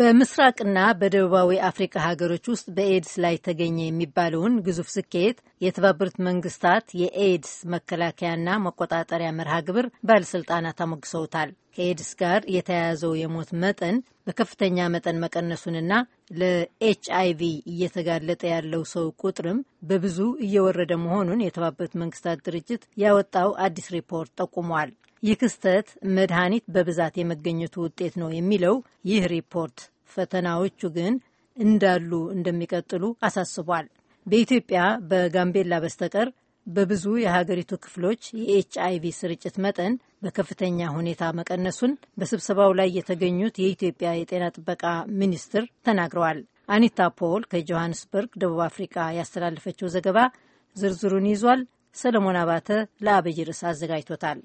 በምስራቅና በደቡባዊ አፍሪካ ሀገሮች ውስጥ በኤድስ ላይ ተገኘ የሚባለውን ግዙፍ ስኬት የተባበሩት መንግስታት የኤድስ መከላከያና መቆጣጠሪያ መርሃ ግብር ባለሥልጣናት አሞግሰውታል። ከኤድስ ጋር የተያያዘው የሞት መጠን በከፍተኛ መጠን መቀነሱንና ለኤች ቪ እየተጋለጠ ያለው ሰው ቁጥርም በብዙ እየወረደ መሆኑን የተባበሩት መንግስታት ድርጅት ያወጣው አዲስ ሪፖርት ጠቁሟል። ይህ ክስተት መድኃኒት በብዛት የመገኘቱ ውጤት ነው የሚለው ይህ ሪፖርት ፈተናዎቹ ግን እንዳሉ እንደሚቀጥሉ አሳስቧል። በኢትዮጵያ በጋምቤላ በስተቀር በብዙ የሀገሪቱ ክፍሎች የኤች አይቪ ስርጭት መጠን በከፍተኛ ሁኔታ መቀነሱን በስብሰባው ላይ የተገኙት የኢትዮጵያ የጤና ጥበቃ ሚኒስትር ተናግረዋል። አኒታ ፖል ከጆሃንስበርግ ደቡብ አፍሪካ ያስተላለፈችው ዘገባ ዝርዝሩን ይዟል። ሰለሞን አባተ ለአብይ ርዕስ አዘጋጅቶታል።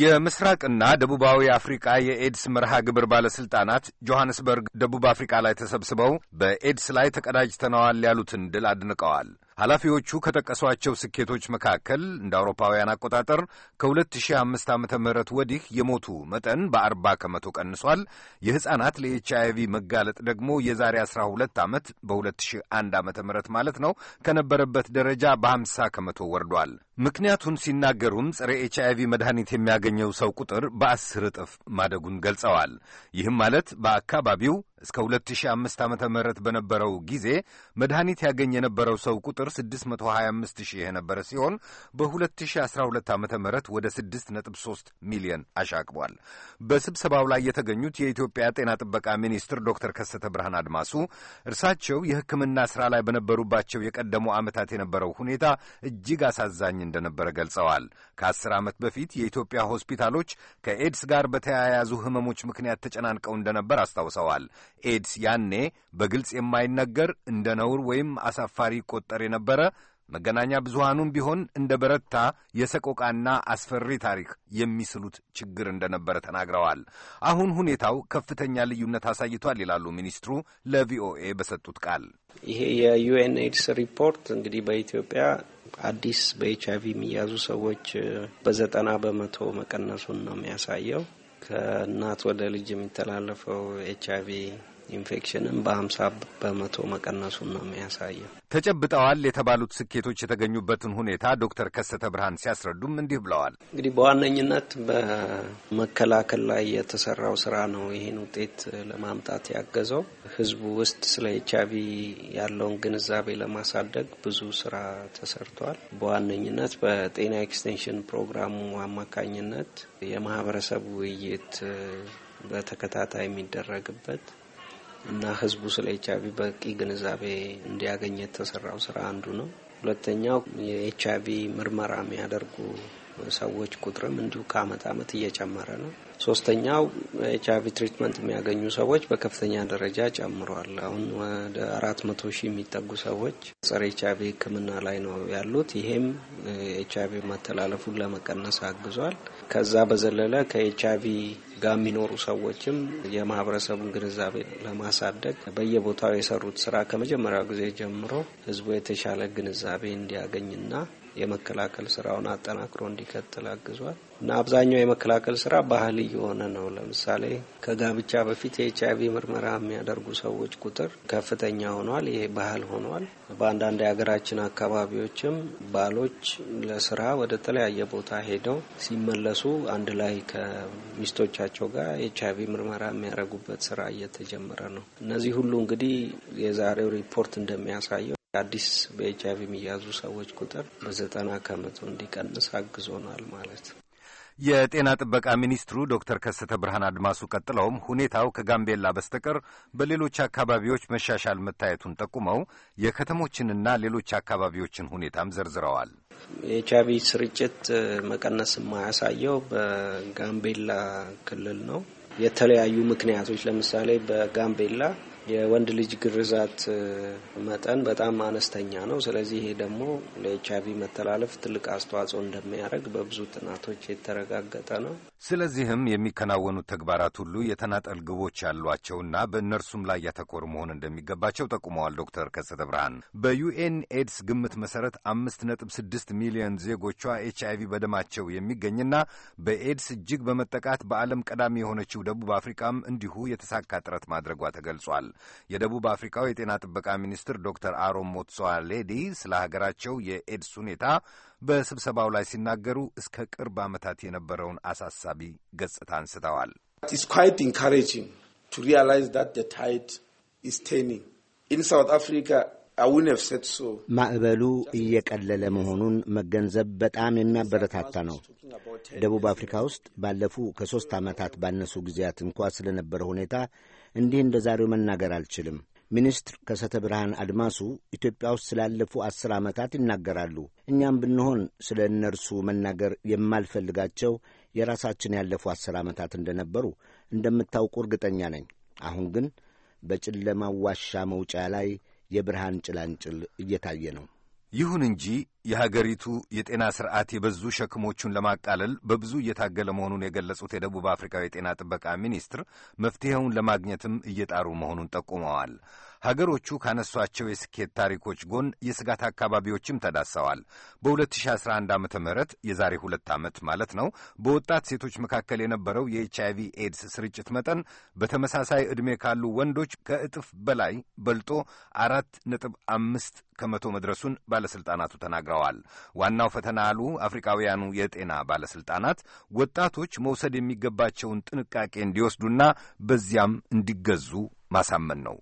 የምስራቅና ደቡባዊ አፍሪቃ የኤድስ መርሃ ግብር ባለሥልጣናት ጆሐንስበርግ ደቡብ አፍሪቃ ላይ ተሰብስበው በኤድስ ላይ ተቀዳጅተነዋል ያሉትን ድል አድንቀዋል። ኃላፊዎቹ ከጠቀሷቸው ስኬቶች መካከል እንደ አውሮፓውያን አቆጣጠር ከ2005 ዓ ም ወዲህ የሞቱ መጠን በአርባ ከመቶ ቀንሷል። የሕፃናት ለኤች አይቪ መጋለጥ ደግሞ የዛሬ 12 ዓመት በ2001 ዓ ም ማለት ነው ከነበረበት ደረጃ በ50 ከመቶ ወርዷል። ምክንያቱን ሲናገሩም ጸረ ኤች አይቪ መድኃኒት የሚያገኘው ሰው ቁጥር በአስር እጥፍ ማደጉን ገልጸዋል። ይህም ማለት በአካባቢው እስከ 2005 ዓ ም በነበረው ጊዜ መድኃኒት ያገኝ የነበረው ሰው ቁጥር 625 ሺህ የነበረ ሲሆን በ2012 ዓ ም ወደ 6.3 ሚሊዮን አሻቅቧል። በስብሰባው ላይ የተገኙት የኢትዮጵያ ጤና ጥበቃ ሚኒስትር ዶክተር ከሰተ ብርሃን አድማሱ እርሳቸው የሕክምና ሥራ ላይ በነበሩባቸው የቀደሙ ዓመታት የነበረው ሁኔታ እጅግ አሳዛኝ እንደነበረ ገልጸዋል። ከአስር ዓመት በፊት የኢትዮጵያ ሆስፒታሎች ከኤድስ ጋር በተያያዙ ህመሞች ምክንያት ተጨናንቀው እንደነበር አስታውሰዋል። ኤድስ ያኔ በግልጽ የማይነገር እንደ ነውር ወይም አሳፋሪ ይቆጠር የነበረ መገናኛ ብዙሃኑም ቢሆን እንደ በረታ የሰቆቃና አስፈሪ ታሪክ የሚስሉት ችግር እንደነበረ ተናግረዋል። አሁን ሁኔታው ከፍተኛ ልዩነት አሳይቷል ይላሉ ሚኒስትሩ ለቪኦኤ በሰጡት ቃል። ይሄ የዩኤን ኤድስ ሪፖርት እንግዲህ በኢትዮጵያ አዲስ በኤች አይቪ የሚያዙ ሰዎች በዘጠና በመቶ መቀነሱን ነው የሚያሳየው። ከእናት ወደ ልጅ የሚተላለፈው ኤች አይቪ ኢንፌክሽንም በሀምሳ በመቶ መቀነሱን ነው የሚያሳየው። ተጨብጠዋል የተባሉት ስኬቶች የተገኙበትን ሁኔታ ዶክተር ከሰተ ብርሃን ሲያስረዱም እንዲህ ብለዋል። እንግዲህ በዋነኝነት በመከላከል ላይ የተሰራው ስራ ነው ይህን ውጤት ለማምጣት ያገዘው። ህዝቡ ውስጥ ስለ ኤች ቪ ያለውን ግንዛቤ ለማሳደግ ብዙ ስራ ተሰርቷል። በዋነኝነት በጤና ኤክስቴንሽን ፕሮግራሙ አማካኝነት የማህበረሰብ ውይይት በተከታታይ የሚደረግበት እና ህዝቡ ስለ ኤች አይቪ በቂ ግንዛቤ እንዲያገኝ የተሰራው ስራ አንዱ ነው። ሁለተኛው የኤች አይቪ ምርመራ የሚያደርጉ ሰዎች ቁጥርም እንዲሁ ከአመት አመት እየጨመረ ነው። ሶስተኛው ኤች አይቪ ትሪትመንት የሚያገኙ ሰዎች በከፍተኛ ደረጃ ጨምሯል። አሁን ወደ አራት መቶ ሺህ የሚጠጉ ሰዎች ጸረ ኤች አይቪ ሕክምና ላይ ነው ያሉት። ይሄም ኤች አይቪ መተላለፉን ለመቀነስ አግዟል። ከዛ በዘለለ ከኤች አይቪ ጋር የሚኖሩ ሰዎችም የማህበረሰቡን ግንዛቤ ለማሳደግ በየቦታው የሰሩት ስራ ከመጀመሪያው ጊዜ ጀምሮ ህዝቡ የተሻለ ግንዛቤ እንዲያገኝና የመከላከል ስራውን አጠናክሮ እንዲቀጥል አግዟል እና አብዛኛው የመከላከል ስራ ባህል እየሆነ ነው። ለምሳሌ ከጋብቻ በፊት የኤች አይቪ ምርመራ የሚያደርጉ ሰዎች ቁጥር ከፍተኛ ሆኗል። ይሄ ባህል ሆኗል። በአንዳንድ የሀገራችን አካባቢዎችም ባሎች ለስራ ወደ ተለያየ ቦታ ሄደው ሲመለሱ አንድ ላይ ከሚስቶቻቸው ጋር ኤች አይቪ ምርመራ የሚያደርጉበት ስራ እየተጀመረ ነው። እነዚህ ሁሉ እንግዲህ የዛሬው ሪፖርት እንደሚያሳየው አዲስ በኤች አይቪ የሚያዙ ሰዎች ቁጥር በዘጠና ከመቶ እንዲቀንስ አግዞናል ማለት ነው። የጤና ጥበቃ ሚኒስትሩ ዶክተር ከሰተ ብርሃን አድማሱ ቀጥለውም ሁኔታው ከጋምቤላ በስተቀር በሌሎች አካባቢዎች መሻሻል መታየቱን ጠቁመው የከተሞችንና ሌሎች አካባቢዎችን ሁኔታም ዘርዝረዋል። የኤች አይቪ ስርጭት መቀነስ የማያሳየው በጋምቤላ ክልል ነው። የተለያዩ ምክንያቶች ለምሳሌ በጋምቤላ የወንድ ልጅ ግርዛት መጠን በጣም አነስተኛ ነው። ስለዚህ ይሄ ደግሞ ለኤች አይቪ መተላለፍ ትልቅ አስተዋጽኦ እንደሚያደርግ በብዙ ጥናቶች የተረጋገጠ ነው። ስለዚህም የሚከናወኑት ተግባራት ሁሉ የተናጠል ግቦች ያሏቸውና በእነርሱም ላይ ያተኮሩ መሆን እንደሚገባቸው ጠቁመዋል። ዶክተር ከሰተ ብርሃን በዩኤን ኤድስ ግምት መሰረት አምስት ነጥብ ስድስት ሚሊዮን ዜጎቿ ኤች አይቪ በደማቸው የሚገኝና በኤድስ እጅግ በመጠቃት በዓለም ቀዳሚ የሆነችው ደቡብ አፍሪካም እንዲሁ የተሳካ ጥረት ማድረጓ ተገልጿል። የደቡብ አፍሪካው የጤና ጥበቃ ሚኒስትር ዶክተር አሮን ሌዲ ስለ ሀገራቸው የኤድስ ሁኔታ በስብሰባው ላይ ሲናገሩ እስከ ቅርብ ዓመታት የነበረውን አሳሳቢ ገጽታ አንስተዋል። ማዕበሉ እየቀለለ መሆኑን መገንዘብ በጣም የሚያበረታታ ነው። ደቡብ አፍሪካ ውስጥ ባለፉ ከሦስት ዓመታት ባነሱ ጊዜያት እንኳ ስለነበረ ሁኔታ እንዲህ እንደ ዛሬው መናገር አልችልም። ሚኒስትር ከሰተ ብርሃን አድማሱ ኢትዮጵያ ውስጥ ስላለፉ አስር ዓመታት ይናገራሉ። እኛም ብንሆን ስለ እነርሱ መናገር የማልፈልጋቸው የራሳችን ያለፉ አስር ዓመታት እንደነበሩ እንደምታውቁ እርግጠኛ ነኝ። አሁን ግን በጨለማው ዋሻ መውጫ ላይ የብርሃን ጭላንጭል እየታየ ነው። ይሁን እንጂ የሀገሪቱ የጤና ስርዓት የበዙ ሸክሞቹን ለማቃለል በብዙ እየታገለ መሆኑን የገለጹት የደቡብ አፍሪካው የጤና ጥበቃ ሚኒስትር መፍትሄውን ለማግኘትም እየጣሩ መሆኑን ጠቁመዋል። ሀገሮቹ ካነሷቸው የስኬት ታሪኮች ጎን የስጋት አካባቢዎችም ተዳሰዋል። በ2011 ዓ ም የዛሬ ሁለት ዓመት ማለት ነው በወጣት ሴቶች መካከል የነበረው የኤች አይቪ ኤድስ ስርጭት መጠን በተመሳሳይ ዕድሜ ካሉ ወንዶች ከእጥፍ በላይ በልጦ አራት ነጥብ አምስት ከመቶ መድረሱን ባለሥልጣናቱ ተናግረዋል። አድርገዋል። ዋናው ፈተና አሉ አፍሪካውያኑ የጤና ባለሥልጣናት ወጣቶች መውሰድ የሚገባቸውን ጥንቃቄ እንዲወስዱና በዚያም እንዲገዙ ማሳመን ነው።